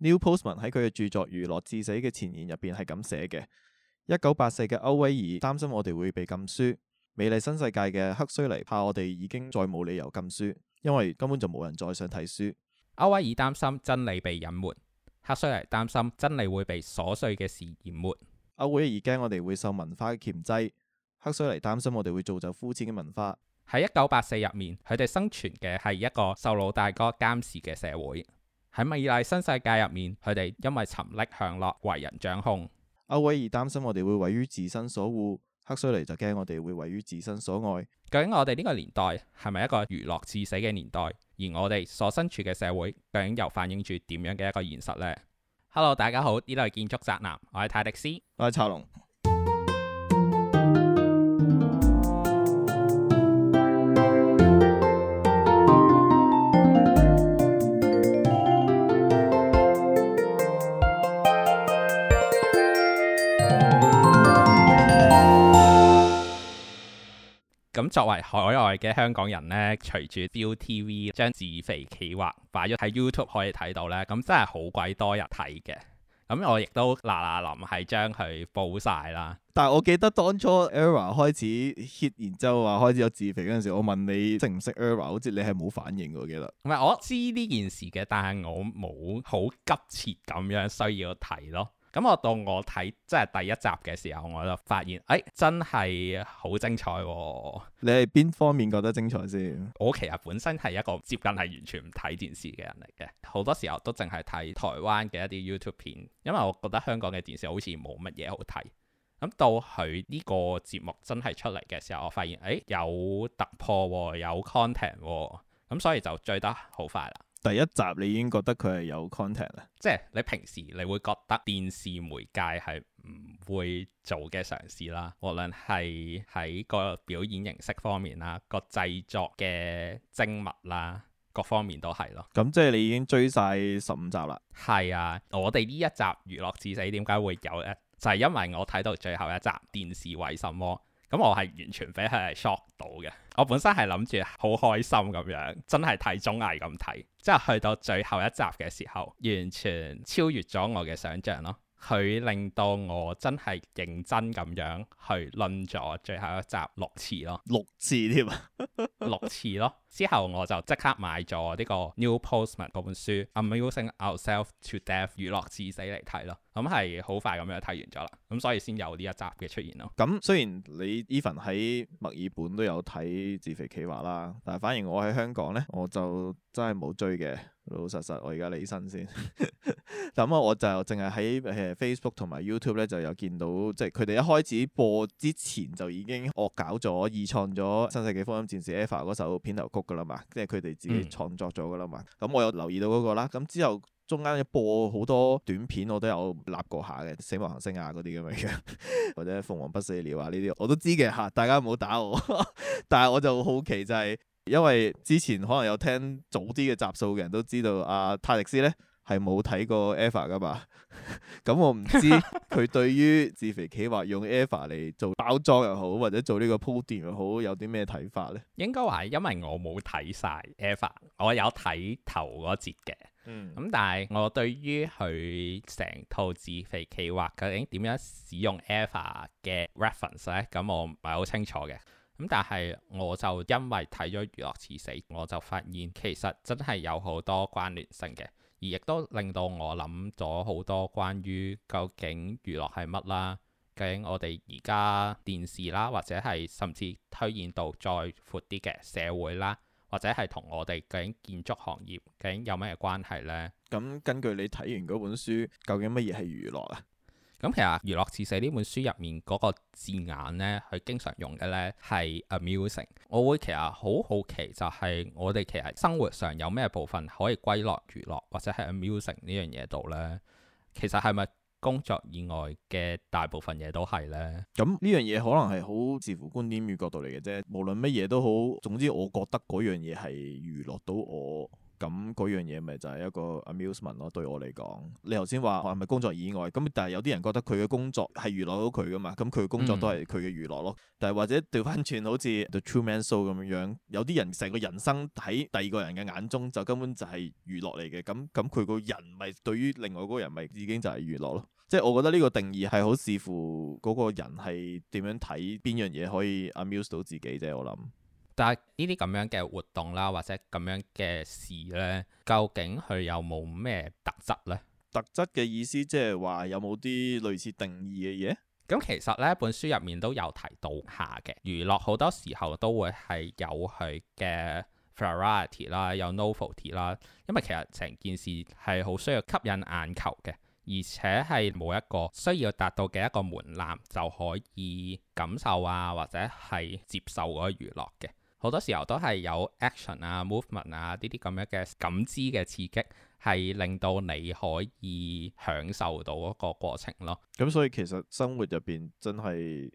Neil Postman 喺佢嘅著作《娛樂至死》嘅前言入面係咁寫嘅：一九八四嘅歐威爾擔心我哋會被禁書，《美麗新世界》嘅赫胥黎怕我哋已經再冇理由禁書，因為根本就冇人再想睇書。歐威爾擔心擔心真理被隱瞞，赫胥黎擔心真理會被瑣碎嘅事淹沒。歐威爾驚我哋會受文化嘅鉗制，赫胥黎擔心我哋會造就膚淺嘅文化。喺一九八四入面，佢哋生存嘅係一個受老大哥監視嘅社會。喺美麗新世界入面，佢哋因為沉溺享樂，為人掌控。歐威爾擔心我哋會毀於自身所護，赫胥黎就驚我哋會毀於自身所愛。究竟我哋呢個年代係咪一個娛樂至死嘅年代？而我哋所身處嘅社會究竟又反映住點樣嘅一個現實呢？Hello，大家好，呢度係建築宅男，我係泰迪斯，我係巢龍。咁作為海外嘅香港人呢，隨住 ViuTV 將自肥企劃擺咗喺 YouTube 可以睇到呢。咁真係好鬼多人睇嘅。咁我亦都嗱嗱臨係將佢補晒啦。但係我記得當初 ERROR 開始 hit，然之後話開始有自肥嗰陣時，我問你認認識唔識 ERROR？好似你係冇反應，我記得唔係，我知呢件事嘅，但係我冇好急切咁樣需要睇咯。咁我到我睇即係第一集嘅時候，我就發現，哎，真係好精彩喎、啊！你係邊方面覺得精彩先、啊？我其實本身係一個接近係完全唔睇電視嘅人嚟嘅，好多時候都淨係睇台灣嘅一啲 YouTube 片，因為我覺得香港嘅電視好似冇乜嘢好睇。咁到佢呢個節目真係出嚟嘅時候，我發現，哎，有突破、啊，有 content，咁、啊、所以就追得好快啦。第一集你已經覺得佢係有 content 啦，即係你平時你會覺得電視媒介係唔會做嘅嘗試啦，無論係喺個表演形式方面啦，個製作嘅精密啦，各方面都係咯。咁、嗯、即係你已經追晒十五集啦。係啊，我哋呢一集娛樂至死點解會有一？就係、是、因為我睇到最後一集電視為什麼？咁我係完全俾佢 shock 到嘅，我本身係諗住好開心咁樣，真係睇綜藝咁睇，即係去到最後一集嘅時候，完全超越咗我嘅想像咯，佢令到我真係認真咁樣去煲咗最後一集六次咯，六次添啊， 六次咯。之後我就即刻買咗呢個 Neil Postman 嗰本書《Amusing Ourselves to Death》娛樂至死嚟睇咯，咁係好快咁樣睇完咗啦，咁、嗯、所以先有呢一集嘅出現咯。咁雖然你 Even 喺墨爾本都有睇自肥企畫啦，但係反而我喺香港咧，我就真係冇追嘅，老老實實我而家理身先。咁啊，我就淨係喺誒 Facebook 同埋 YouTube 咧就有見到，即係佢哋一開始播之前就已經惡搞咗、二創咗《新世紀福音戰士嗰首片頭噶啦嘛，即係佢哋自己創作咗噶啦嘛。咁我有留意到嗰個啦。咁之後中間播好多短片，我都有立過下嘅《死亡行星》啊嗰啲咁嘅嘢，或者《鳳凰不死鳥》啊呢啲，我都知嘅吓。大家唔好打我。 但係我就好奇就係，因為之前可能有聽早啲嘅集數嘅人都知道啊，泰迪斯咧。係冇睇過 EVA 噶嘛？咁 我唔知佢 對於自肥企劃用 EVA 嚟做包裝又好，或者做呢個鋪墊又好，有啲咩睇法呢？應該話係因為我冇睇曬 EVA 我有睇頭嗰節嘅，嗯，咁、嗯、但係我對於佢成套自肥企劃究竟點樣使用 EVA 嘅 reference 呢？咁、嗯、我唔係好清楚嘅。咁但係我就因為睇咗娛樂至死，我就發現其實真係有好多關聯性嘅。而亦都令到我諗咗好多關於究竟娛樂係乜啦？究竟我哋而家電視啦，或者係甚至推演到再闊啲嘅社會啦，或者係同我哋究竟建築行業究竟有咩關係呢？咁根據你睇完嗰本書，究竟乜嘢係娛樂啊？咁其實《娛樂至死》呢本書入面嗰個字眼呢，佢經常用嘅呢係 amusing。我會其實好好奇，就係我哋其實生活上有咩部分可以歸落娛樂或者係 amusing 呢樣嘢度呢？其實係咪工作以外嘅大部分嘢都係呢？咁呢樣嘢可能係好視乎觀點與角度嚟嘅啫。無論乜嘢都好，總之我覺得嗰樣嘢係娛樂到我。咁嗰樣嘢咪就係一個 amusement 咯，對我嚟講。你頭先話係咪工作以外？咁但係有啲人覺得佢嘅工作係娛樂到佢噶嘛？咁佢嘅工作都係佢嘅娛樂咯。嗯、但係或者調翻轉，好似 The True Man Show 咁樣樣，有啲人成個人生喺第二個人嘅眼中就根本就係娛樂嚟嘅。咁咁佢個人咪對於另外嗰個人咪已經就係娛樂咯。即係我覺得呢個定義係好視乎嗰個人係點樣睇邊樣嘢可以 amuse 到自己啫。我諗。就係呢啲咁樣嘅活動啦，或者咁樣嘅事呢，究竟佢有冇咩特質呢？特質嘅意思即係話有冇啲類似定義嘅嘢？咁其實呢本書入面都有提到下嘅娛樂好多時候都會係有佢嘅 variety 啦，有 novelty 啦，因為其實成件事係好需要吸引眼球嘅，而且係冇一個需要達到嘅一個門檻就可以感受啊，或者係接受嗰個娛樂嘅。好多時候都係有 action 啊、movement 啊呢啲咁樣嘅感知嘅刺激，係令到你可以享受到嗰個過程咯。咁所以其實生活入邊真係，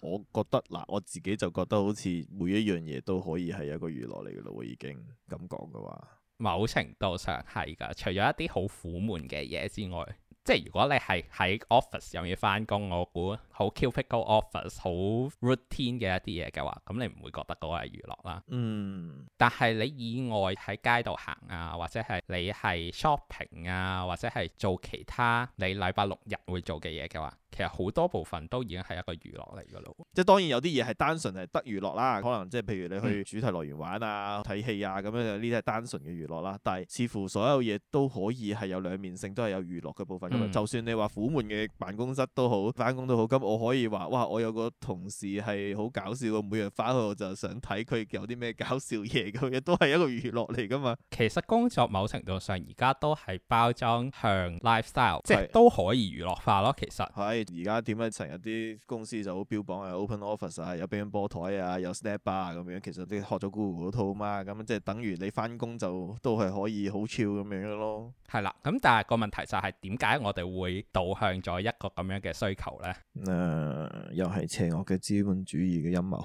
我覺得嗱，我自己就覺得好似每一樣嘢都可以係一個娛樂嚟嘅咯。我已經咁講嘅話，某程度上係噶。除咗一啲好苦悶嘅嘢之外，即係如果你係喺 office 又要翻工，我估。好 cubicle office 好 routine 嘅一啲嘢嘅話，咁你唔會覺得嗰個係娛樂啦。嗯，但係你以外喺街度行啊，或者係你係 shopping 啊，或者係做其他你禮拜六日會做嘅嘢嘅話，其實好多部分都已經係一個娛樂嚟嘅咯。即係當然有啲嘢係單純係得娛樂啦，可能即係譬如你去主題樂園玩啊、睇戲、嗯、啊咁樣呢啲係單純嘅娛樂啦。但係似乎所有嘢都可以係有兩面性，都係有娛樂嘅部分㗎嘛。就算你話虎門嘅辦公室都好，翻工都好咁。我可以話哇，我有個同事係好搞笑嘅，每日翻去我就想睇佢有啲咩搞笑嘢，佢亦都係一個娛樂嚟噶嘛。其實工作某程度上而家都係包裝向 lifestyle，對即係都可以娛樂化咯。其實係而家點解成日啲公司就好標榜係 open office 啊，有乒乓波台啊，有 snack bar 咁樣，其實啲學咗 Google 嗰套嘛，咁即係等於你翻工就都係可以好 chill 咁樣咯。係啦，咁但係個問題就係點解我哋會導向咗一個咁樣嘅需求咧？嗯誒、呃，又係邪惡嘅資本主義嘅陰謀，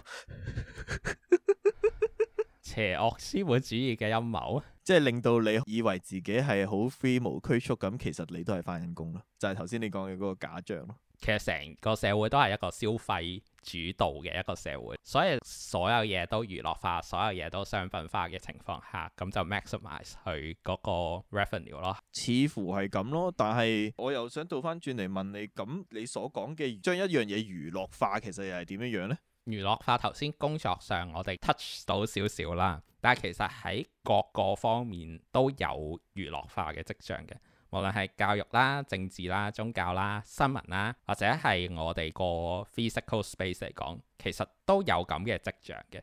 邪惡資本主義嘅陰謀啊！即係令到你以為自己係好 free 無拘束咁，其實你都係翻緊工咯，就係頭先你講嘅嗰個假象咯。其實成個社會都係一個消費主導嘅一個社會，所以所有嘢都娛樂化，所有嘢都商品化嘅情況下，咁就 maximize 佢嗰個 revenue 咯。似乎係咁咯，但係我又想倒翻轉嚟問你，咁你所講嘅將一樣嘢娛樂化，其實又係點樣樣呢？娛樂化頭先工作上我哋 touch 到少少啦，但係其實喺各個方面都有娛樂化嘅跡象嘅。無論係教育啦、政治啦、宗教啦、新聞啦，或者係我哋個 physical space 嚟講，其實都有咁嘅跡象嘅。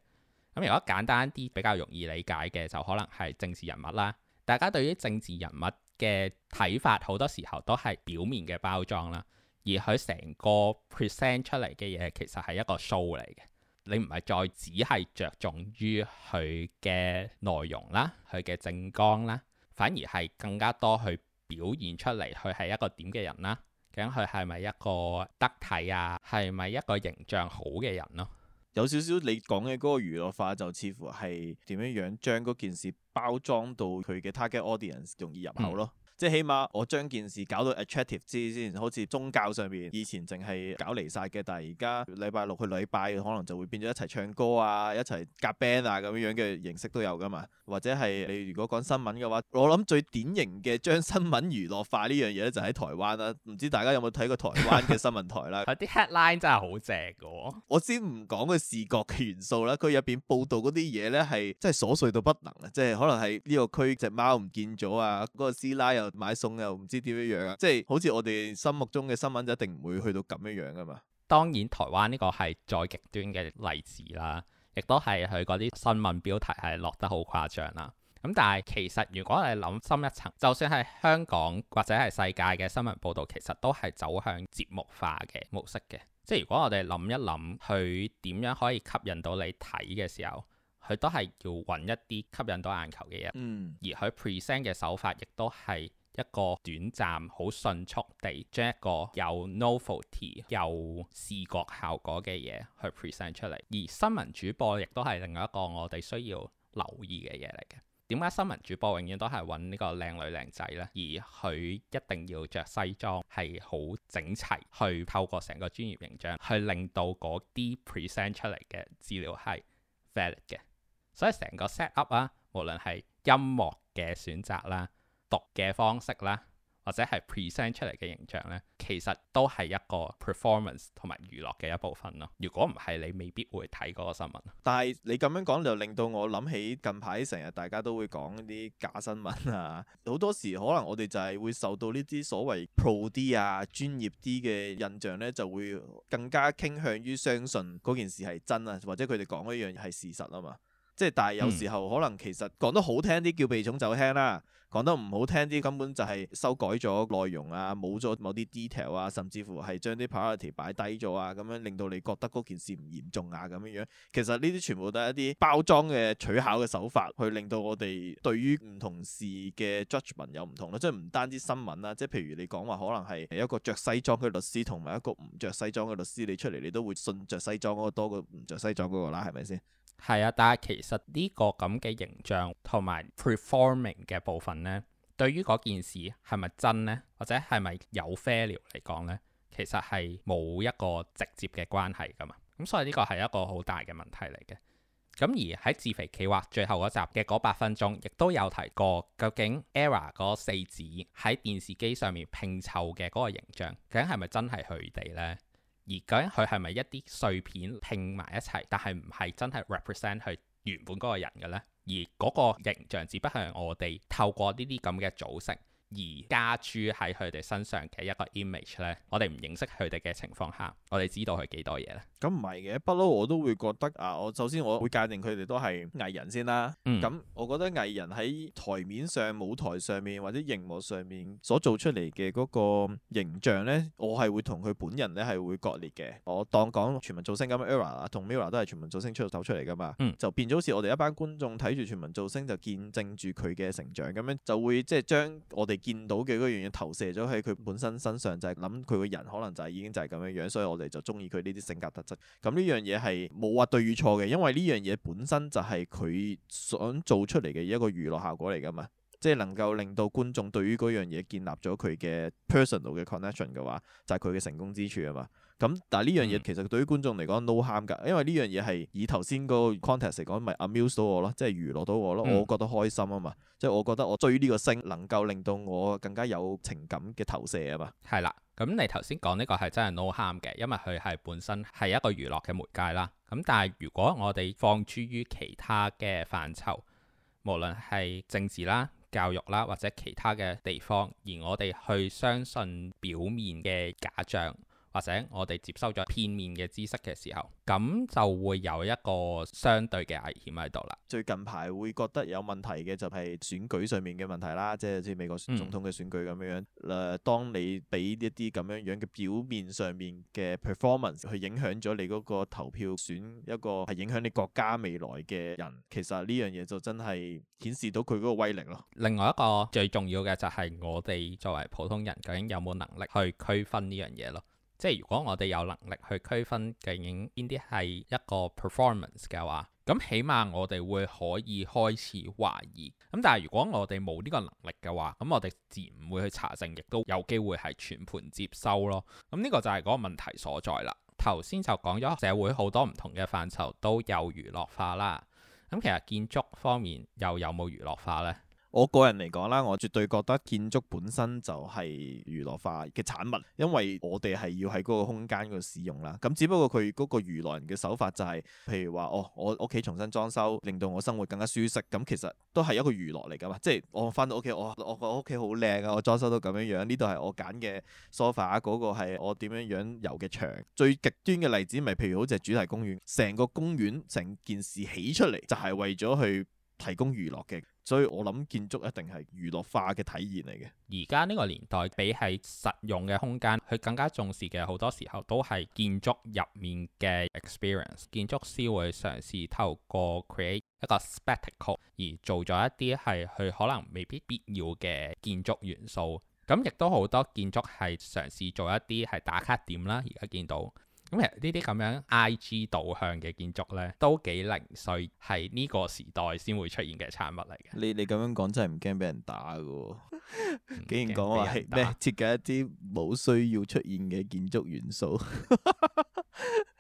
咁如果簡單啲、比較容易理解嘅，就可能係政治人物啦。大家對於政治人物嘅睇法，好多時候都係表面嘅包裝啦，而佢成個 present 出嚟嘅嘢其實係一個 show 嚟嘅。你唔係再只係着重於佢嘅內容啦、佢嘅政綱啦，反而係更加多去表現出嚟，佢係一個點嘅人啦？咁佢係咪一個得體啊？係咪一個形象好嘅人咯，啊？有少少你講嘅嗰個娛樂化，就似乎係點樣樣將嗰件事包裝到佢嘅 target audience 容易入口咯？ 即係起碼我將件事搞到 attractive 啲先，好似宗教上面，以前淨係搞離晒嘅，但係而家禮拜六去禮拜可能就會變咗一齊唱歌啊，一齊夾 band 啊咁樣嘅形式都有噶嘛。或者係你如果講新聞嘅話，我諗最典型嘅將新聞娛樂化呢樣嘢咧，就喺台灣啦。唔知大家有冇睇過台灣嘅新聞台啦？佢啲 headline 真係好正㗎。我先唔講佢視覺嘅元素啦，佢入邊報導嗰啲嘢咧係真係瑣碎到不能啊！即係可能係呢個區隻貓唔見咗啊，嗰、嗰個師奶又～買餸又唔知點樣樣啊！即係好似我哋心目中嘅新聞就一定唔會去到咁樣樣噶嘛？當然，台灣呢個係再極端嘅例子啦，亦都係佢嗰啲新聞標題係落得好誇張啦。咁、嗯、但係其實如果你諗深一層，就算係香港或者係世界嘅新聞報導，其實都係走向節目化嘅模式嘅。即係如果我哋諗一諗佢點樣可以吸引到你睇嘅時候，佢都係要揾一啲吸引到眼球嘅人，嗯、而佢 present 嘅手法亦都係。一個短暫、好迅速地將一個有 novelty 有視覺效果嘅嘢去 present 出嚟，而新聞主播亦都係另外一個我哋需要留意嘅嘢嚟嘅。點解新聞主播永遠都係揾呢個靚女靚仔呢？而佢一定要着西裝，係好整齊，去透過成個專業形象去令到嗰啲 present 出嚟嘅資料係 valid 嘅。所以成個 set up 啊，無論係音樂嘅選擇啦。讀嘅方式啦，或者係 present 出嚟嘅形象咧，其實都係一個 performance 同埋娛樂嘅一部分咯。如果唔係，你未必會睇嗰個新聞。但係你咁樣講就令到我諗起近排成日大家都會講啲假新聞啊，好多時可能我哋就係會受到呢啲所謂 pro 啲啊，專業啲嘅印象咧，就會更加傾向於相信嗰件事係真啊，或者佢哋講一樣嘢係事實啊嘛。即係但係有時候可能其實講、嗯、得好聽啲叫避重就輕啦。講得唔好聽啲，根本就係修改咗內容啊，冇咗某啲 detail 啊，甚至乎係將啲 priority 擺低咗啊，咁樣令到你覺得嗰件事唔嚴重啊咁樣樣。其實呢啲全部都係一啲包裝嘅取巧嘅手法，去令到我哋對於唔同事嘅 judgement 有唔同咯。即係唔單止新聞啦，即係譬如你講話可能係一個着西裝嘅律師同埋一個唔着西裝嘅律師，你出嚟你都會信着西裝嗰個多過唔着西裝嗰個啦，係咪先？係啊，但係其實呢個咁嘅形象，同埋 performing 嘅部分呢，對於嗰件事係咪真呢？或者係咪有 failure 嚟講呢？其實係冇一個直接嘅關係噶嘛。咁所以呢個係一個好大嘅問題嚟嘅。咁而喺自肥企劃最後嗰集嘅嗰八分鐘，亦都有提過，究竟 ERROR 嗰四子喺電視機上面拼湊嘅嗰個形象，究竟係咪真係佢哋呢？而究竟佢係咪一啲碎片拼埋一齊，但係唔係真係 represent 佢原本嗰個人嘅呢？而嗰個形象只不過係我哋透過呢啲咁嘅組成。而加注喺佢哋身上嘅一個 image 咧，我哋唔認識佢哋嘅情況下，我哋知道佢幾多嘢咧？咁唔係嘅，不嬲我都會覺得啊！我首先我會界定佢哋都係藝人先啦。咁、嗯、我覺得藝人喺台面上、舞台上面或者熒幕上面所做出嚟嘅嗰個形象咧，我係會同佢本人咧係會割裂嘅。我當講全民造星咁 ERROR 同 MIRROR 都係全民造星出道走出嚟噶嘛。嗯，就變咗好似我哋一班觀眾睇住全民造星就見證住佢嘅成長，咁樣就會即係將我哋。見到嘅嗰樣嘢投射咗喺佢本身身上，就係諗佢個人可能就係已經就係咁樣樣，所以我哋就鍾意佢呢啲性格特質。咁呢樣嘢係冇話對與錯嘅，因為呢樣嘢本身就係佢想做出嚟嘅一個娛樂效果嚟㗎嘛，即係能夠令到觀眾對於嗰樣嘢建立咗佢嘅 personal 嘅 connection 嘅話，就係佢嘅成功之處啊嘛。咁，但係呢樣嘢其實對於觀眾嚟講 no harm 㗎，因為呢樣嘢係以頭先嗰個 context 嚟講，咪 amuse 到我咯，即係娛樂到我咯，我覺得開心啊嘛，即係、嗯、我覺得我追呢個星能夠令到我更加有情感嘅投射啊嘛。係啦，咁你頭先講呢個係真係 no harm 嘅，因為佢係本身係一個娛樂嘅媒介啦。咁但係如果我哋放諸於其他嘅範疇，無論係政治啦、教育啦或者其他嘅地方，而我哋去相信表面嘅假象。或者我哋接收咗片面嘅知識嘅時候，咁就會有一個相對嘅危險喺度啦。最近排會覺得有問題嘅就係選舉上面嘅問題啦，即係美國、嗯、總統嘅選舉咁樣樣。誒、呃，當你俾一啲咁樣樣嘅表面上面嘅 performance 去影響咗你嗰個投票選一個，係影響你國家未來嘅人，其實呢樣嘢就真係顯示到佢嗰個威力咯。另外一個最重要嘅就係我哋作為普通人究竟有冇能力去區分呢樣嘢咯？即係如果我哋有能力去區分究竟邊啲係一個 performance 嘅話，咁起碼我哋會可以開始懷疑。咁但係如果我哋冇呢個能力嘅話，咁我哋自然會去查證，亦都有機會係全盤接收咯。咁呢個就係嗰個問題所在啦。頭先就講咗社會好多唔同嘅範疇都有娛樂化啦。咁其實建築方面又有冇娛樂化呢？我個人嚟講啦，我絕對覺得建築本身就係娛樂化嘅產物，因為我哋係要喺嗰個空間度使用啦。咁只不過佢嗰個娛樂人嘅手法就係，譬如話哦，我屋企重新裝修，令到我生活更加舒適。咁其實都係一個娛樂嚟㗎嘛，即係我返到屋企，我我個屋企好靚啊，我裝修到咁樣樣。呢度係我揀嘅梳化，嗰個係我點樣樣遊嘅場。最極端嘅例子咪，譬如好似係主題公園，成個公園成件事起出嚟就係為咗去提供娛樂嘅。所以我諗建築一定係娛樂化嘅體驗嚟嘅。而家呢個年代比起實用嘅空間，佢更加重視嘅好多時候都係建築入面嘅 experience。建築師會嘗試透過 create 一個 spectacle 而做咗一啲係佢可能未必必要嘅建築元素。咁亦都好多建築係嘗試做一啲係打卡點啦。而家見到。咁其實呢啲咁樣 IG 導向嘅建築咧，都幾零碎，係呢個時代先會出現嘅產物嚟嘅。你你咁樣講真係唔驚俾人打嘅， 竟然講話係咩設計一啲冇需要出現嘅建築元素。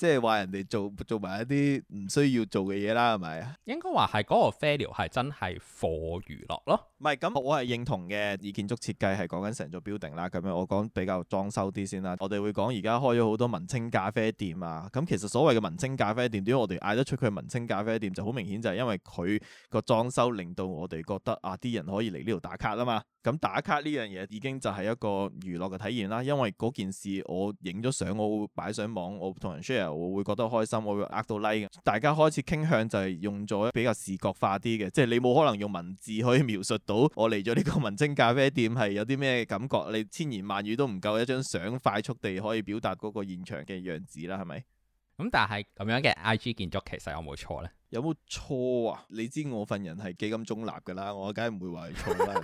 即係話人哋做做埋一啲唔需要做嘅嘢啦，係咪啊？應該話係嗰個 failure 係真係貨娛樂咯。唔係咁，我係認同嘅。以建築設計係講緊成座 building 啦，咁樣我講比較裝修啲先啦。我哋會講而家開咗好多文青咖啡店啊。咁其實所謂嘅文青咖啡店，點解我哋嗌得出佢文青咖啡店？就好明顯就係因為佢個裝修令到我哋覺得啊，啲人可以嚟呢度打卡啊嘛。咁打卡呢樣嘢已經就係一個娛樂嘅體驗啦，因為嗰件事我影咗相，我會擺上網，我同人 share，我會覺得開心，我會呃到 like。大家開始傾向就係用咗比較視覺化啲嘅，即係你冇可能用文字可以描述到我嚟咗呢個文青咖啡店係有啲咩感覺，你千言萬語都唔夠一張相快速地可以表達嗰個現場嘅樣子啦，係咪？咁但係咁樣嘅 IG 建築，其實有冇錯咧？有冇錯啊？你知我份人係幾咁中立㗎啦，我梗係唔會話錯啦，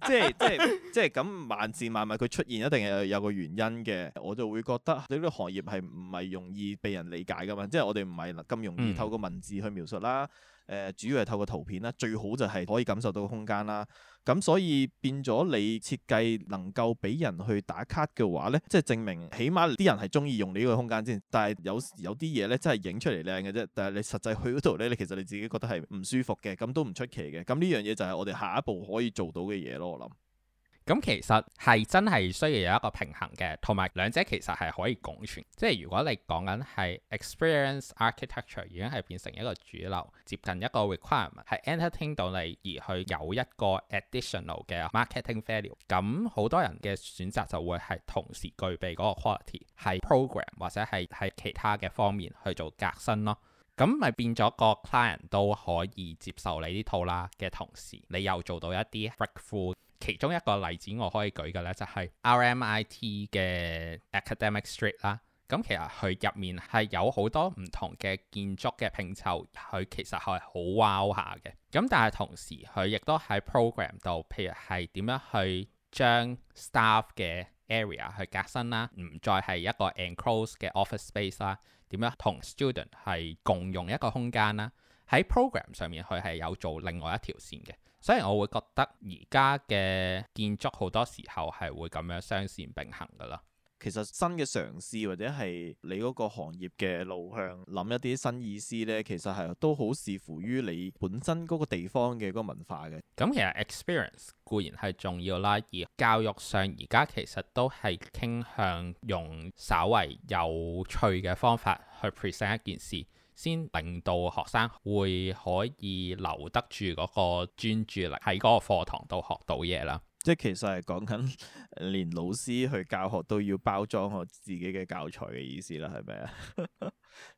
係 即係即係即係咁，萬事萬物佢出現一定係有個原因嘅，我就會覺得你呢個行業係唔係容易被人理解㗎嘛？即係我哋唔係咁容易透過文字去描述啦。嗯。誒、呃、主要係透過圖片啦，最好就係可以感受到個空間啦。咁所以變咗你設計能夠俾人去打卡嘅話咧，即係證明起碼啲人係中意用你呢個空間先。但係有有啲嘢咧，真係影出嚟靚嘅啫。但係你實際去嗰度咧，你其實你自己覺得係唔舒服嘅，咁都唔出奇嘅。咁呢樣嘢就係我哋下一步可以做到嘅嘢咯，我諗。咁其實係真係需要有一個平衡嘅，同埋兩者其實係可以共存。即係如果你講緊係 experience architecture 已經係變成一個主流，接近一個 requirement，係 entertain 到你而去有一個 additional 嘅 marketing value。咁好多人嘅選擇就會係同時具備嗰個 quality，係 program 或者係喺其他嘅方面去做革新咯。咁咪變咗個 client 都可以接受你呢套啦嘅同時，你又做到一啲 breakthrough。其中一個例子我可以舉嘅呢，就係、是、RMIT 嘅 Academic Street 啦。咁其實佢入面係有好多唔同嘅建築嘅拼湊，佢其實係好 wow 下嘅。咁但係同時佢亦都喺 program 度，譬如係點樣去將 staff 嘅 area 去隔身啦，唔再係一個 enclose 嘅 office space 啦。點樣同 student 係共用一個空間啦？喺 program 上面佢係有做另外一條線嘅，所以我會覺得而家嘅建築好多時候係會咁樣雙線並行㗎喇。其實新嘅嘗試或者係你嗰個行業嘅路向，諗一啲新意思呢，其實係都好視乎於你本身嗰個地方嘅嗰個文化嘅。咁其實 experience 固然係重要啦，而教育上而家其實都係傾向用稍為有趣嘅方法去 present 一件事，先令到學生會可以留得住嗰個專注力喺嗰個課堂度學到嘢啦。即係其實係講緊，連老師去教學都要包裝我自己嘅教材嘅意思啦，係咪啊？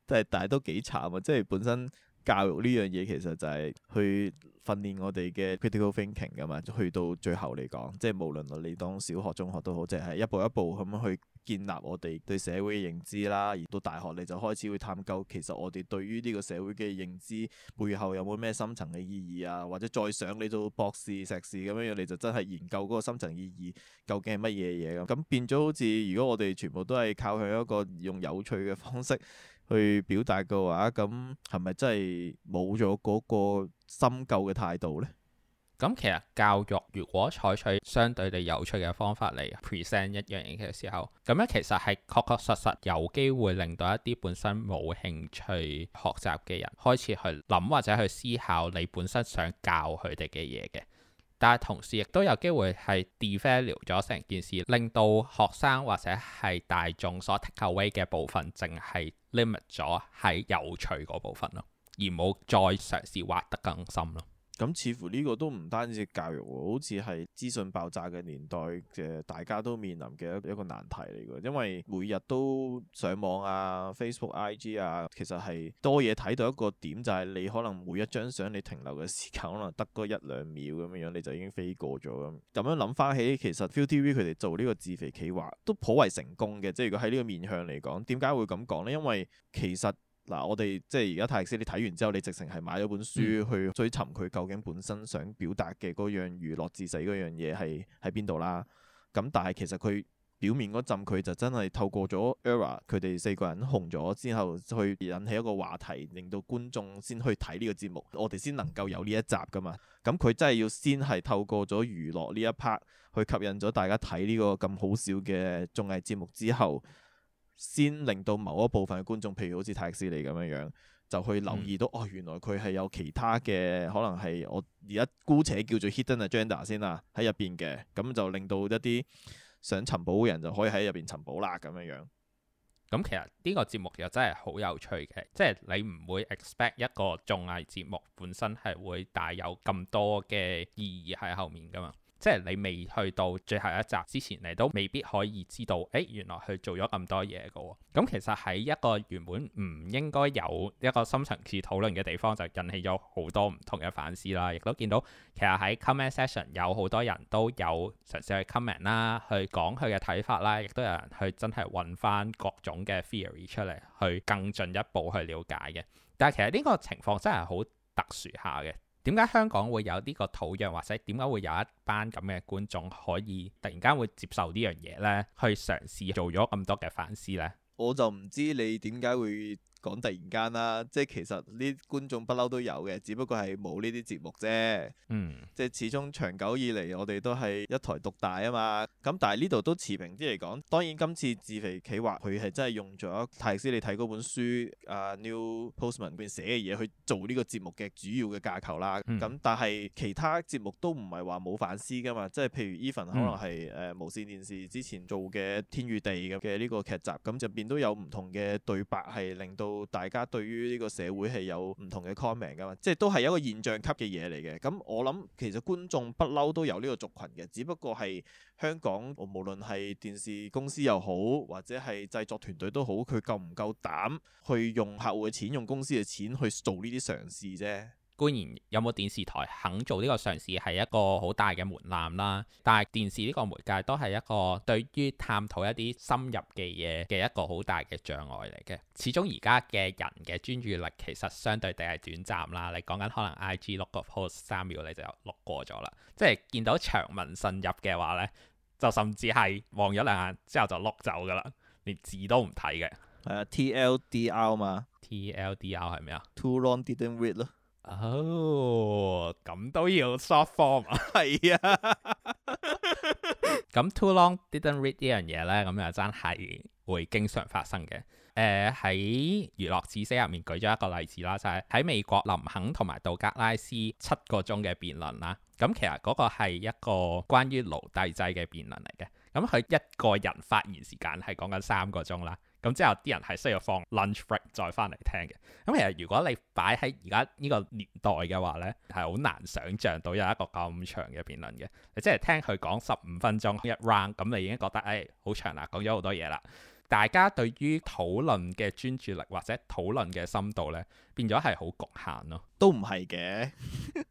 即係但係都幾慘啊！即係本身教育呢樣嘢其實就係去訓練我哋嘅 critical thinking 噶嘛，去到最後嚟講，即係無論你當小學、中學都好，即係一步一步咁去，建立我哋對社會嘅認知啦，而到大學你就開始會探究，其實我哋對於呢個社會嘅認知背後有冇咩深層嘅意義啊？或者再上你到博士、碩士咁樣樣，你就真係研究嗰個深層意義究竟係乜嘢嘢咁？咁變咗好似，如果我哋全部都係靠向一個用有趣嘅方式去表達嘅話，咁係咪真係冇咗嗰個深究嘅態度咧？咁其實教育如果採取相對地有趣嘅方法嚟 present 一樣嘢嘅時候，咁樣其實係確確實實有機會令到一啲本身冇興趣學習嘅人開始去諗或者去思考你本身想教佢哋嘅嘢嘅。但係同時亦都有機會係 devalue 咗成件事，令到學生或者係大眾所 take away 嘅部，部分，淨係 limit 咗喺有趣嗰部分咯，而冇再嘗試挖得更深咯。咁似乎呢個都唔單止教育喎，好似係資訊爆炸嘅年代嘅、呃、大家都面臨嘅一個難題嚟嘅，因為每日都上網啊、Facebook、IG 啊，其實係多嘢睇到一個點，就係、是、你可能每一張相你停留嘅時間可能得嗰一兩秒咁樣，你就已經飛過咗咁。咁樣諗翻起，其實 ViuTV 佢哋做呢個自肥企畫都頗為成功嘅，即係如果喺呢個面向嚟講，點解會咁講咧？因為其實。嗱，我哋即係而家泰迪斯，你睇完之後，你直情係買咗本書、嗯、去追尋佢究竟本身想表達嘅嗰樣娛樂至死嗰樣嘢係喺邊度啦。咁但係其實佢表面嗰陣佢就真係透過咗 ERROR，佢哋四個人紅咗之後，去引起一個話題，令到觀眾先去睇呢個節目，我哋先能夠有呢一集噶嘛。咁佢真係要先係透過咗娛樂呢一 part 去吸引咗大家睇呢個咁好笑嘅綜藝節目之後。先令到某一部分嘅觀眾，譬如好似泰迪斯咁樣樣，就去留意到、嗯、哦，原來佢係有其他嘅，可能係我而家姑且叫做 hidden agenda 先啦，喺入邊嘅，咁就令到一啲想尋寶嘅人就可以喺入邊尋寶啦，咁樣樣。咁、嗯嗯、其實呢個節目又真係好有趣嘅，即係你唔會 expect 一個綜藝節目本身係會帶有咁多嘅意義喺後面噶嘛。即係你未去到最後一集之前，你都未必可以知道，誒、欸、原來佢做咗咁多嘢㗎喎。咁、嗯、其實喺一個原本唔應該有一個深層次討論嘅地方，就引起咗好多唔同嘅反思啦。亦都見到其實喺 comment session 有好多人都有嘗試去 comment 啦，去講佢嘅睇法啦，亦都有人去真係搵返各種嘅 theory 出嚟，去更進一步去了解嘅。但係其實呢個情況真係好特殊下嘅。點解香港會有呢個土壤，或者點解會有一班咁嘅觀眾可以突然間會接受呢樣嘢呢？去嘗試做咗咁多嘅反思呢？我就唔知你點解會。講突然間啦，即係其實呢啲觀眾不嬲都有嘅，只不過係冇呢啲節目啫。嗯、即係始終長久以嚟，我哋都係一台獨大啊嘛。咁但係呢度都持平啲嚟講，當然今次自肥企畫佢係真係用咗泰斯你睇嗰本書《啊 Neil Postman》入邊寫嘅嘢去做呢個節目嘅主要嘅架構啦。咁、嗯、但係其他節目都唔係話冇反思噶嘛，即係譬如 e 依 n 可能係誒、嗯呃、無線電視之前做嘅《天與地》咁嘅呢個劇集，咁入邊都有唔同嘅對白係令到。大家對於呢個社會係有唔同嘅 comment 㗎嘛，即係都係一個現象級嘅嘢嚟嘅。咁我諗其實觀眾不嬲都有呢個族群嘅，只不過係香港無論係電視公司又好，或者係製作團隊都好，佢夠唔夠膽去用客戶嘅錢、用公司嘅錢去做呢啲嘗試啫。固然有冇電視台肯做呢個嘗試係一個好大嘅門檻啦，但係電視呢個媒介都係一個對於探討一啲深入嘅嘢嘅一個好大嘅障礙嚟嘅。始終而家嘅人嘅專注力其實相對地係短暫啦。你講緊可能 I G 碌個 post 三秒，你就碌過咗啦，即係見到長文慎入嘅話呢，就甚至係望咗兩眼之後就碌走㗎啦，連字都唔睇嘅。係啊，T L D R 嘛，T L D R 係咩啊？Too long didn't read 咯。哦，咁、oh, 都要 soft form 啊，係啊，咁 too long didn't read 呢樣嘢呢，咁又真係會經常發生嘅。喺娛樂至死入面舉咗一個例子啦，就係、是、喺美國林肯同埋道格拉斯七個鐘嘅辯論啦。咁其實嗰個係一個關於奴隸制嘅辯論嚟嘅。咁佢一個人發言時間係講緊三個鐘啦。咁之後啲人係需要放 lunch break 再翻嚟聽嘅。咁其實如果你擺喺而家呢個年代嘅話呢，係好難想像到有一個咁長嘅辯論嘅。你即係聽佢講十五分鐘一 round，咁你已經覺得誒，好長啦，講咗好多嘢啦。大家對於討論嘅專注力或者討論嘅深度咧，變咗係好局限咯。都唔係嘅，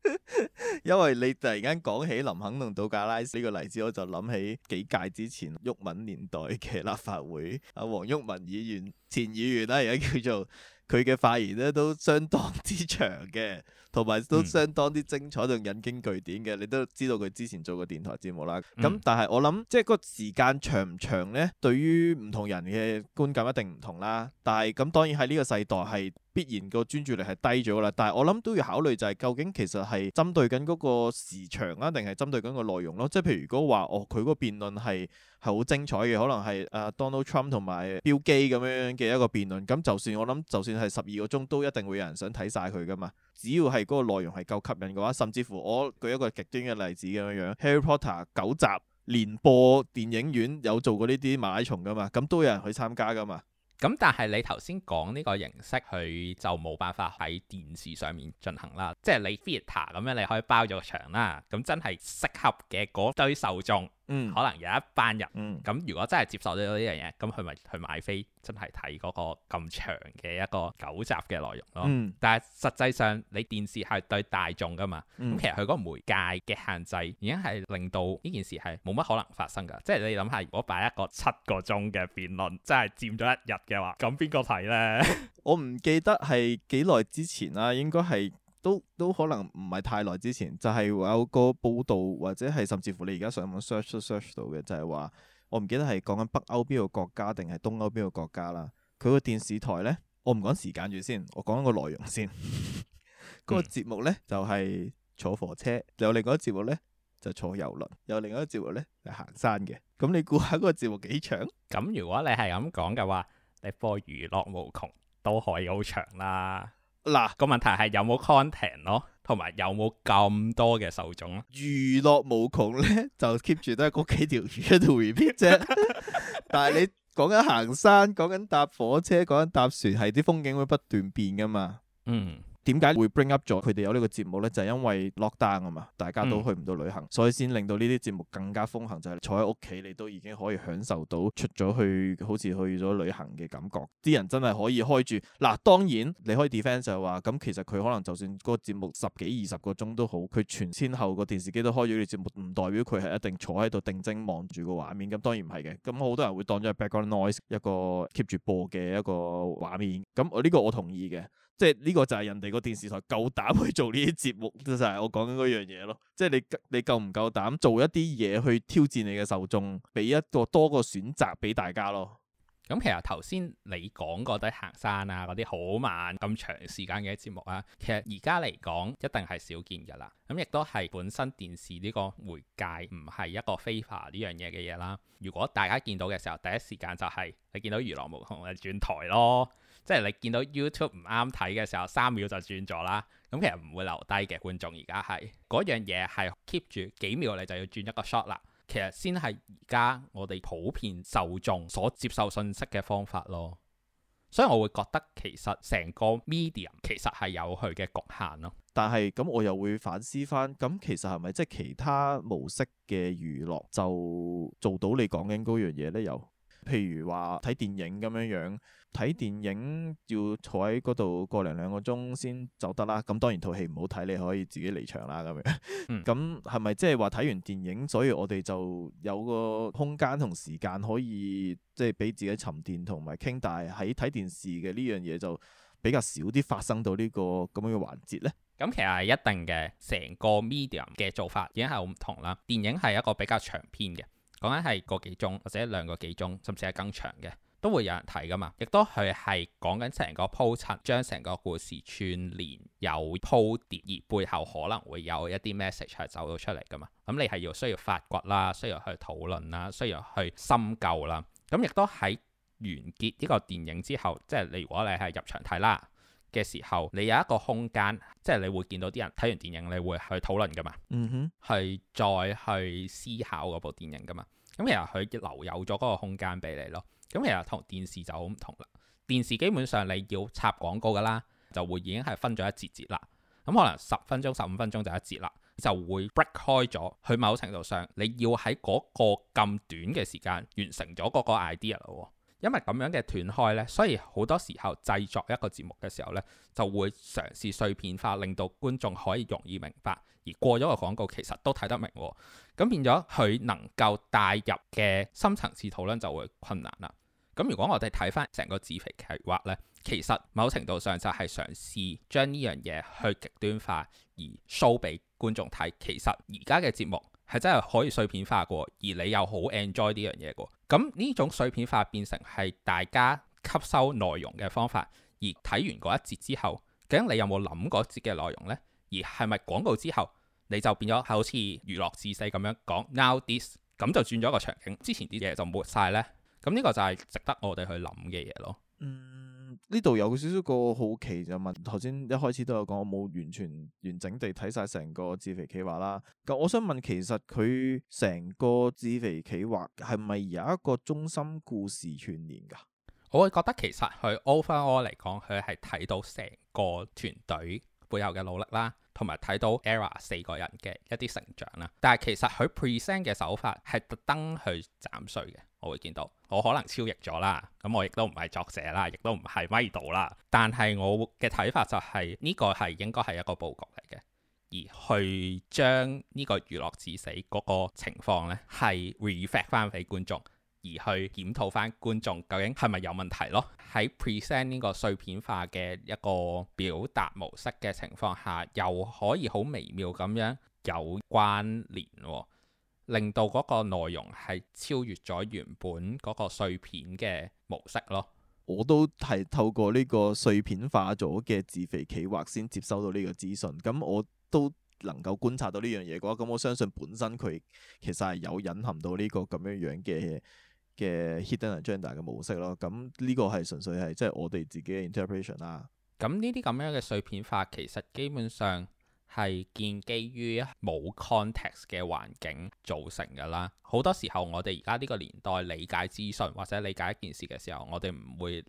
因為你突然間講起林肯同杜嘉拉斯呢個例子，我就諗起幾屆之前毓民年代嘅立法會，阿黃毓民議員前議員啦、啊，而家叫做佢嘅發言咧都相當之長嘅。同埋都相當啲精彩，仲、嗯、引經據典嘅，你都知道佢之前做過電台節目啦。咁、嗯、但係我諗，即、就、係、是、個時間長唔長呢？對於唔同人嘅觀感一定唔同啦。但係咁當然喺呢個世代係，必然個專注力係低咗啦，但係我諗都要考慮就係究竟其實係針對緊嗰個時長啊，定係針對緊個內容咯。即係譬如如果話哦，佢嗰個辯論係係好精彩嘅，可能係啊、呃、Donald Trump 同埋標記咁樣嘅一個辯論，咁就算我諗就算係十二個鐘都一定會有人想睇晒佢噶嘛。只要係嗰個內容係夠吸引嘅話，甚至乎我舉一個極端嘅例子咁樣 Harry Potter 九集連播，電影院有做過呢啲馬拉松噶嘛，咁都有人去參加噶嘛。咁但係你頭先講呢個形式，佢就冇辦法喺電視上面進行啦。即係你 theater 咁樣，你可以包咗場啦。咁真係適合嘅嗰堆受眾。嗯、可能有一班人，咁、嗯、如果真係接受到呢樣嘢，咁佢咪去買飛，真係睇嗰個咁長嘅一個九集嘅內容咯。嗯、但係實際上，你電視係對大眾㗎嘛？咁、嗯、其實佢嗰個媒介嘅限制已經係令到呢件事係冇乜可能發生㗎。即係你諗下，如果擺一個七個鐘嘅辯論，真係佔咗一日嘅話，咁邊個睇呢？我唔記得係幾耐之前啦、啊，應該係。都都可能唔係太耐之前，就係、是、有個報道或者係甚至乎你而家上網 search search 到嘅，就係、是、話我唔記得係講緊北歐邊個國家定係東歐邊個國家啦。佢個電視台呢，我唔講時間住先，我講個內容先。嗰 個節目呢，就係、是、坐火車，有另一個節目呢，就是、坐遊輪，有另一個節目呢，係、就是、行山嘅。咁你估下嗰個節目幾長？咁、嗯、如果你係咁講嘅話，你科娛樂無窮都可以好長啦。嗱，個啦問題係有冇 content 咯，同埋有冇咁多嘅受眾咧？娛樂無窮咧， 就 keep 住都係嗰幾條魚喺度 repeat 啫。 to be 但係你講緊行山，講緊 搭火車，講緊搭船，係啲風景會不斷變噶嘛？嗯。點解會 bring up 咗佢哋有呢個節目呢？就係、是、因為 lock down 啊嘛，大家都去唔到旅行，嗯、所以先令到呢啲節目更加風行。就係、是、坐喺屋企，你都已經可以享受到出咗去，好似去咗旅行嘅感覺。啲人真係可以開住嗱、啊。當然，你可以 defence 就係話，咁、嗯、其實佢可能就算個節目十幾二十個鐘都好，佢全天候個電視機都開咗呢個節目，唔代表佢係一定坐喺度定睛望住個畫面。咁、嗯、當然唔係嘅。咁、嗯、好多人會當咗 background noise 一個 keep 住播嘅一個畫面。咁我呢個我同意嘅。即係呢個就係人哋個電視台夠膽去做呢啲節目，就係我講緊嗰樣嘢咯。即係你你夠唔夠膽做一啲嘢去挑戰你嘅受眾，俾一個多個選擇俾大家咯。咁其實頭先你講過啲行山啊、嗰啲好慢咁長時間嘅節目啊，其實而家嚟講一定係少見㗎啦。咁亦都係本身電視呢個媒介唔係一個非法呢樣嘢嘅嘢啦。如果大家見到嘅時候，第一時間就係你見到娛樂無窮，就轉台咯。即係你見到 YouTube 唔啱睇嘅時候，三秒就轉咗啦。咁其實唔會留低嘅觀眾而家係嗰樣嘢係 keep 住幾秒你就要轉一個 shot 啦。其實先係而家我哋普遍受眾所接受信息嘅方法咯。所以我會覺得其實成個 medium 其實係有佢嘅局限咯。但係咁我又會反思翻，咁其實係咪即係其他模式嘅娛樂就做到你講緊嗰樣嘢呢？又？譬如話睇電影咁樣樣，睇電影要坐喺嗰度個零兩個鐘先就得啦。咁當然套戲唔好睇，你可以自己離場啦咁樣。咁係咪即係話睇完電影，所以我哋就有個空間同時間可以即係俾自己沉澱同埋傾。但係喺睇電視嘅呢樣嘢就比較少啲發生到呢個咁樣嘅環節呢。咁其實係一定嘅，成個 medium 嘅做法已經係好唔同啦。電影係一個比較長篇嘅。講緊係個幾鐘或者兩個幾鐘，甚至係更長嘅，都會有人睇噶嘛。亦都佢係講緊成個鋪陳，將成個故事串連有鋪疊，而背後可能會有一啲 message 係走咗出嚟噶嘛。咁、嗯、你係要需要發掘啦，需要去討論啦，需要去深究啦。咁、嗯、亦都喺完結呢個電影之後，即係你如果你係入場睇啦。嘅時候，你有一個空間，即係你會見到啲人睇完電影，你會去討論噶嘛？嗯哼，係再去思考嗰部電影噶嘛？咁、嗯、其實佢留有咗嗰個空間俾你咯。咁、嗯、其實同電視就好唔同啦。電視基本上你要插廣告噶啦，就會已經係分咗一節節啦。咁、嗯、可能十分鐘、十五分鐘就一節啦，就會 break 開咗。佢某程度上，你要喺嗰個咁短嘅時間完成咗嗰個 idea 咯。因為咁樣嘅斷開呢，所以好多時候製作一個節目嘅時候呢，就會嘗試碎片化，令到觀眾可以容易明白。而過咗個廣告其實都睇得明，咁變咗佢能夠帶入嘅深層次討論就會困難啦。咁如果我哋睇翻成個自肥企畫呢，其實某程度上就係嘗試將呢樣嘢去極端化，而 show 俾觀眾睇。其實而家嘅節目，係真係可以碎片化過，而你又好 enjoy 呢樣嘢嘅。咁呢種碎片化變成係大家吸收內容嘅方法，而睇完嗰一節之後，究竟你有冇諗嗰節嘅內容呢？而係咪廣告之後你就變咗好似娛樂至死咁樣講 Now this，咁就轉咗個場景，之前啲嘢就抹晒呢，咁呢個就係值得我哋去諗嘅嘢咯。嗯呢度有少少個好奇就問，頭先一開始都有講，我冇完全完整地睇晒成個自肥企劃啦。咁我想問，其實佢成個自肥企劃係咪有一個中心故事串連噶？我會覺得其實佢 overall 嚟講，佢係睇到成個團隊背後嘅努力啦，同埋睇到 ERROR 四個人嘅一啲成長啦。但係其實佢 present 嘅手法係特登去斬碎嘅。我會見到，我可能超譯咗啦，咁我亦都唔係作者啦，亦都唔係 Mike 導啦，但係我嘅睇法就係、是、呢、這個係應該係一個佈局嚟嘅，而去將呢個娛樂至死嗰個情況呢，係 reflect 翻俾觀眾，而去檢討翻觀眾究竟係咪有問題咯？喺 present 呢個碎片化嘅一個表達模式嘅情況下，又可以好微妙咁樣有關聯喎、哦。令到嗰個內容係超越咗原本嗰個碎片嘅模式咯。我都係透過呢個碎片化咗嘅自肥企畫先接收到呢個資訊。咁我都能夠觀察到呢樣嘢嘅話，咁我相信本身佢其實係有隱含到呢個咁樣樣嘅嘅 hidden agenda 嘅模式咯。咁呢個係純粹係即係我哋自己嘅 interpretation 啦。咁呢啲咁樣嘅碎片化其實基本上，係建基於冇 context 嘅環境造成㗎啦。好多時候，我哋而家呢個年代理解資訊或者理解一件事嘅時候，我哋唔會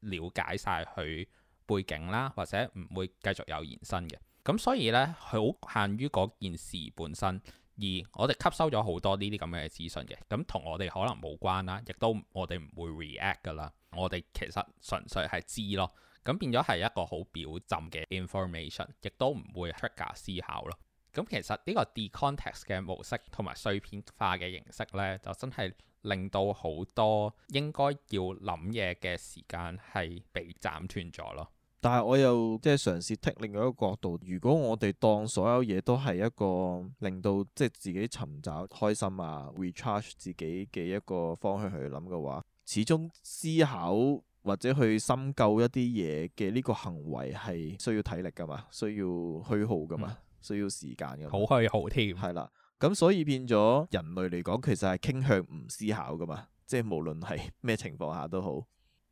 了解晒佢背景啦，或者唔會繼續有延伸嘅。咁所以呢，佢好限於嗰件事本身，而我哋吸收咗好多呢啲咁嘅資訊嘅，咁同我哋可能冇關啦，亦都我哋唔會 react 噶啦。我哋其實純粹係知咯。咁變咗係一個好表浸嘅 information，亦都唔會 trigger 思考咯。咁其實呢個 decontext 嘅模式同埋碎片化嘅形式呢，就真係令到好多應該要諗嘢嘅時間係被斬斷咗咯。但係我又即係嘗試 take 另外一個角度，如果我哋當所有嘢都係一個令到即係、就是、自己尋找開心啊 recharge 自己嘅一個方向去諗嘅話，始終思考或者去深究一啲嘢嘅呢個行為係需要體力噶嘛，需要虛耗噶嘛，嗯、需要時間噶嘛，好虛耗添。係啦，咁所以變咗人類嚟講，其實係傾向唔思考噶嘛，即係無論係咩情況下都好。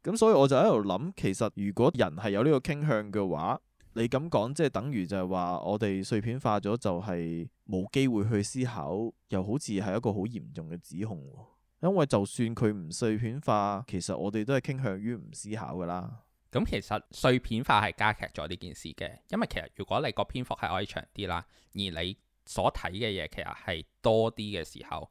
咁所以我就喺度諗，其實如果人係有呢個傾向嘅話，你咁講即係等於就係話我哋碎片化咗就係冇機會去思考，又好似係一個好嚴重嘅指控。因為就算佢唔碎片化，其實我哋都係傾向於唔思考㗎啦。咁其實碎片化係加劇咗呢件事嘅，因為其實如果你個篇幅係可以長啲啦，而你所睇嘅嘢其實係多啲嘅時候，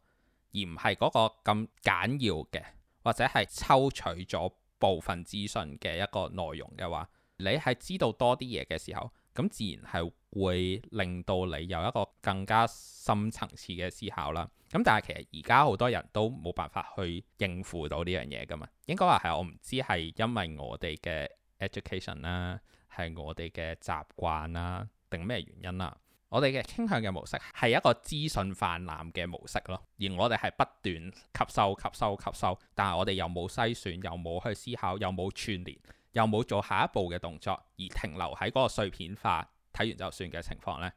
而唔係嗰個咁簡要嘅，或者係抽取咗部分資訊嘅一個內容嘅話，你係知道多啲嘢嘅時候。咁自然係會令到你有一個更加深層次嘅思考啦。咁但係其實而家好多人都冇辦法去應付到呢樣嘢㗎嘛。應該話係我唔知係因為我哋嘅 education 啦，係我哋嘅習慣啦，定咩原因啦？我哋嘅傾向嘅模式係一個資訊泛濫嘅模式咯，而我哋係不斷吸收、吸收、吸收，但係我哋又冇篩選，又冇去思考，又冇串聯。又冇做下一步嘅動作，而停留喺嗰個碎片化睇完就算嘅情況呢，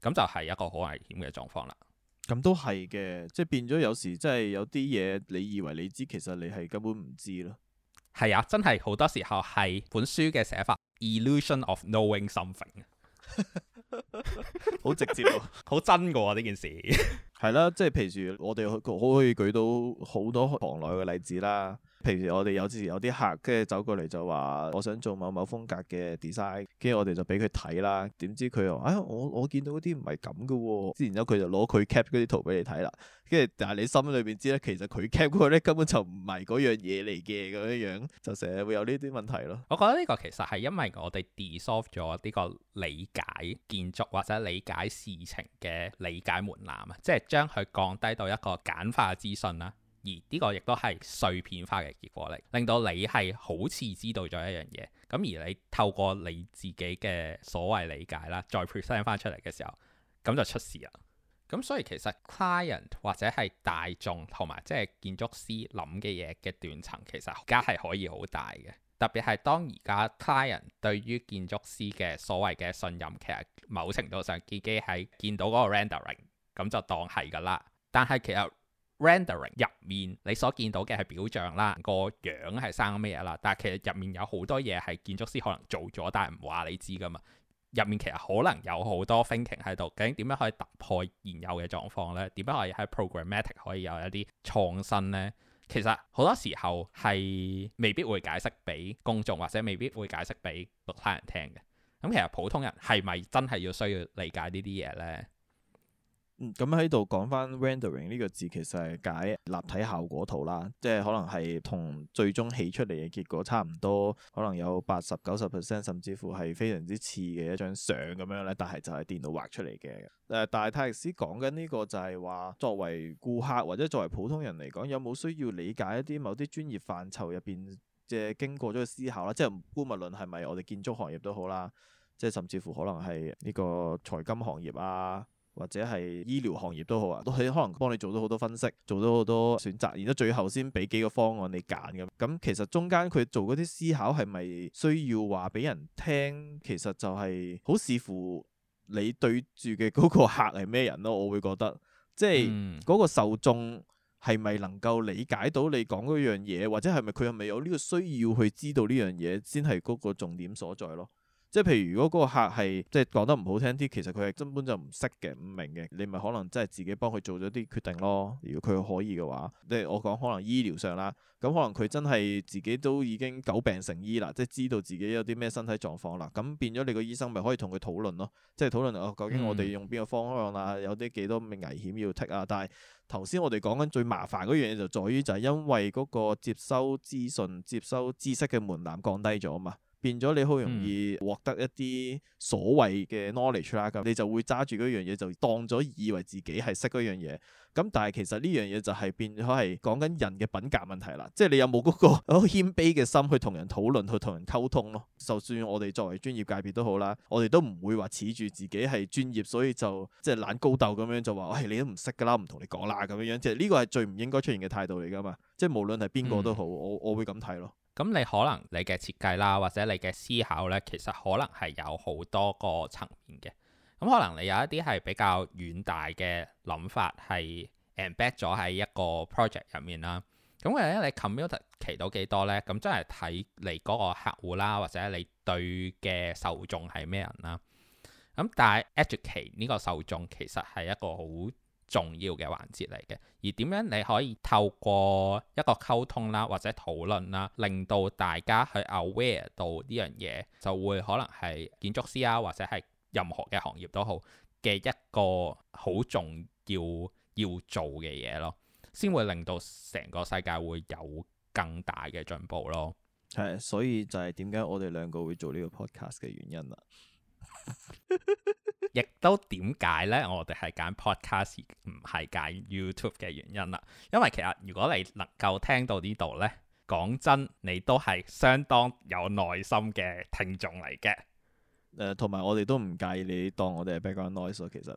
咁就係一個好危險嘅狀況啦。咁都係嘅，即係變咗有時即係有啲嘢，你以為你知，其實你係根本唔知咯。係啊，真係好多時候係本書嘅寫法 ，illusion of knowing something，好 直接，好 真㗎喎呢件事。係 啦，即係譬如我哋可可以舉到好多行內嘅例子啦。譬如我哋有時有啲客，跟住走過嚟就話，我想做某某風格嘅 design，跟住我哋就俾佢睇啦。點知佢又話，唉、哎，我我見到啲唔係咁嘅喎。之後佢就攞佢 cap 嗰啲圖俾你睇啦。跟住但係你心裏邊知咧，其實佢 cap 嗰啲根本就唔係嗰樣嘢嚟嘅咁樣樣，就成日會有呢啲問題咯。我覺得呢個其實係因為我哋 de-solve 咗呢個理解建築或者理解事情嘅理解門檻啊，即係將佢降低到一個簡化資訊啦。而呢個亦都係碎片化嘅結果嚟，令到你係好似知道咗一樣嘢，咁而你透過你自己嘅所謂理解啦，再 present 翻出嚟嘅時候，咁就出事啦。咁所以其實 client 或者係大眾同埋即係建築師諗嘅嘢嘅斷層，其實家係可以好大嘅。特別係當而家 client 對於建築師嘅所謂嘅信任，其實某程度上自己喺見到嗰個 rendering，咁就當係㗎啦。但係其實，Rendering 入面你所見到嘅係表象啦，個樣係生咗咩嘢啦，但係其實入面有好多嘢係建築師可能做咗，但係唔話你知㗎嘛。入面其實可能有好多 thinking 喺度，究竟點樣可以突破現有嘅狀況呢？點樣可以喺 programmatic 可以有一啲創新呢？其實好多時候係未必會解釋俾公眾或者未必會解釋俾其他人聽嘅。咁其實普通人係咪真係要需要理解呢啲嘢呢？咁喺度講、嗯、翻 rendering 呢個字，其實係解立體效果圖啦，即係可能係同最終起出嚟嘅結果差唔多，可能有八十九十 percent，甚至乎係非常之似嘅一張相咁樣咧。但係就係電腦畫出嚟嘅。誒、呃，但係泰迪斯講緊呢個就係話，作為顧客或者作為普通人嚟講，有冇需要理解一啲某啲專業範疇入邊嘅經過咗嘅思考啦？即係姑勿論係咪我哋建築行業都好啦，即係甚至乎可能係呢個財金行業啊。或者係醫療行業都好啊，都係可能幫你做到好多分析，做到好多選擇，然之後最後先俾幾個方案你揀咁。咁，嗯，其實中間佢做嗰啲思考係咪需要話俾人聽？其實就係好視乎你對住嘅嗰個客係咩人咯。我會覺得即係嗰個受眾係咪能夠理解到你講嗰樣嘢，或者係咪佢係咪有呢個需要去知道呢樣嘢，先係嗰個重點所在咯。即係譬如如果嗰個客係即係講得唔好聽啲，其實佢係根本就唔識嘅、唔明嘅，你咪可能真係自己幫佢做咗啲決定咯。如果佢可以嘅話，即係我講可能醫療上啦，咁可能佢真係自己都已經久病成醫啦，即係知道自己有啲咩身體狀況啦，咁變咗你個醫生咪可以同佢討論咯，即係討論究竟我哋用邊個方向啦、啊，有啲幾多危險要 take 啊。但係頭先我哋講緊最麻煩嗰樣嘢就在於就係因為嗰個接收資訊、接收知識嘅門檻降低咗啊嘛。變咗你好容易獲得一啲所謂嘅 knowledge 啦、嗯，咁你就會揸住嗰樣嘢就當咗以為自己係識嗰樣嘢，咁但係其實呢樣嘢就係變咗係講緊人嘅品格問題啦，即係你有冇嗰個好謙卑嘅心去同人討論，去同人溝通咯。就算我哋作為專業界別都好啦，我哋都唔會話恃住自己係專業，所以就即係懶高斗咁樣就話，喂、哎、你都唔識噶啦，唔同你講啦咁樣樣。即係呢個係最唔應該出現嘅態度嚟噶嘛，即係無論係邊個都好，嗯、我我會咁睇咯。咁你可能你嘅設計啦，或者你嘅思考呢，其實可能係有好多個層面嘅。咁、嗯、可能你有一啲係比較遠大嘅諗法，係 embed 咗喺一個 project 入面啦。咁或者你 commit 到幾多呢？咁、嗯、真係睇你嗰個客戶啦，或者你對嘅受眾係咩人啦。咁、嗯、但係 educate 呢個受眾其實係一個好重要嘅環節嚟嘅，而點樣你可以透過一個溝通啦，或者討論啦，令到大家去 aware 到呢樣嘢，就會可能係建築師啊，或者係任何嘅行業都好嘅一個好重要要做嘅嘢咯，先會令到成個世界會有更大嘅進步咯。係，所以就係點解我哋兩個會做呢個 podcast 嘅原因啦、啊。 亦都點解呢？我哋係揀 podcast 唔係揀 YouTube 嘅原因啦。因為其實如果你能夠聽到呢度呢，講真，你都係相當有耐心嘅聽眾嚟嘅。同埋、呃、我哋都唔介意你當我哋係 background noise 咯。其實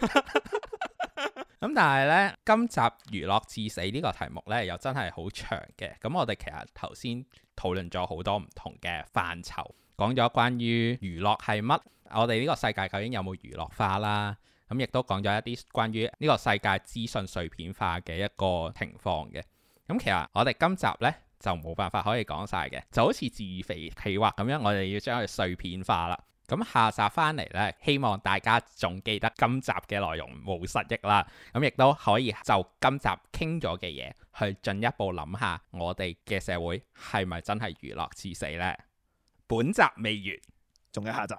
咁、 嗯，但係呢，今集娛樂至死呢、呢個題目呢，又真係好長嘅。咁、嗯、我哋其實頭先討論咗好多唔同嘅範疇，講咗關於娛樂係乜。我哋呢個世界究竟有冇娛樂化啦？咁亦都講咗一啲關於呢個世界資訊碎片化嘅一個情況嘅。咁其實我哋今集呢，就冇辦法可以講晒嘅，就好似自肥企畫咁樣，我哋要將佢碎片化啦。咁下集翻嚟呢，希望大家仲記得今集嘅內容冇失憶啦。咁亦都可以就今集傾咗嘅嘢去進一步諗下，我哋嘅社會係咪真係娛樂至死呢？本集未完，仲有下集。